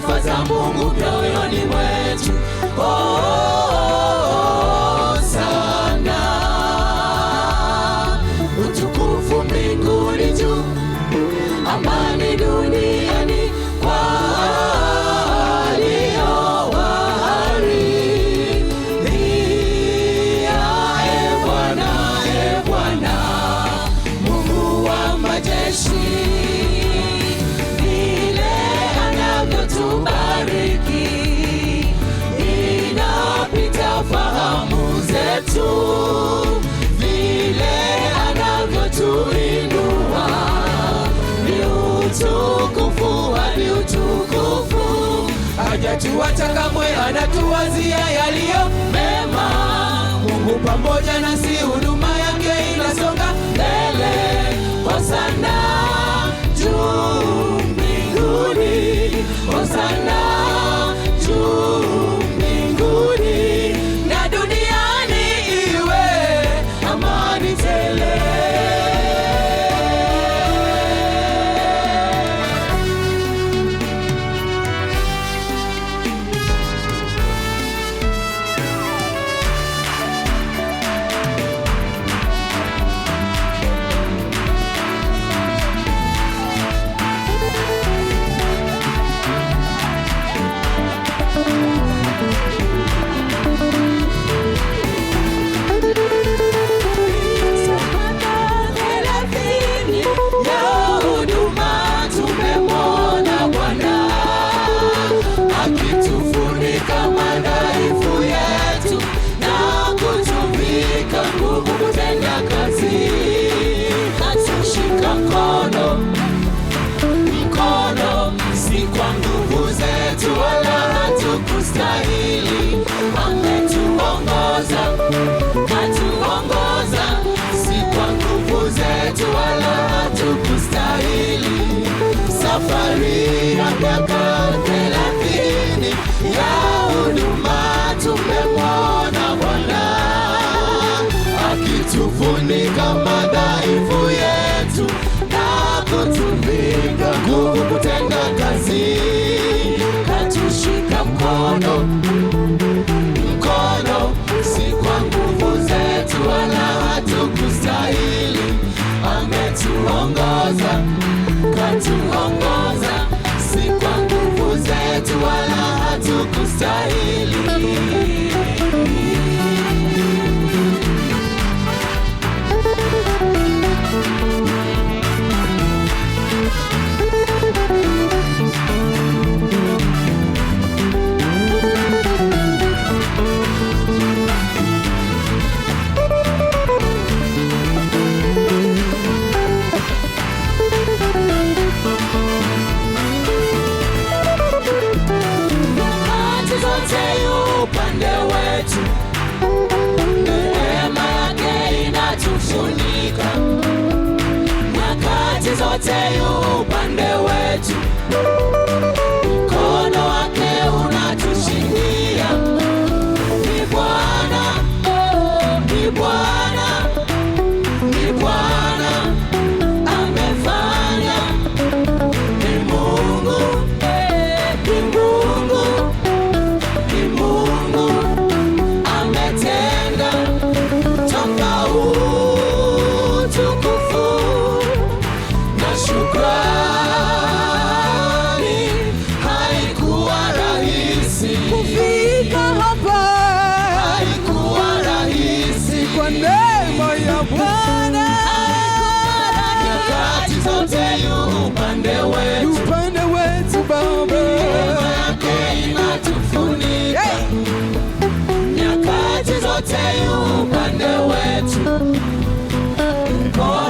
de fazer amor kwetu, vile anavyotuinua ni utukufu ni utukufu. Hajatuacha kamwe, anatuwazia yaliyo mema. Mungu pamoja nasi tufunika madhaifu yetu na kutuviga nguvu kutenda kazi, katushika mkono mkono, si kwa nguvu zetu wala hatukustahili, ametuongoza katuongoza, si kwa nguvu zetu wala hatukustahili yote yu upande wetu. moyo Bwana nyakati zote yu upande wetu, nyakati zote yu upande wetu